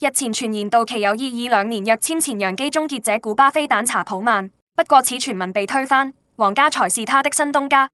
日前傳言道奇有意以兩年約簽前洋基終結者古巴飛彈查普曼，不過此傳聞被推翻，皇家才是他的新東家。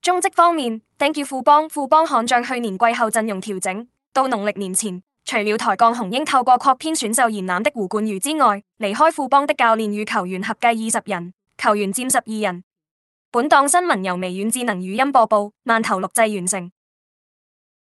中職方面，頂級富邦，富邦悍將去年季後陣容調整到農曆年前，除了台鋼雄鷹透過擴編選秀延攬的胡冠儒之外，離開富邦的教練與球員合計二十人，球員佔十二人。本檔新聞由微軟智能語音播報，慢頭錄製完成。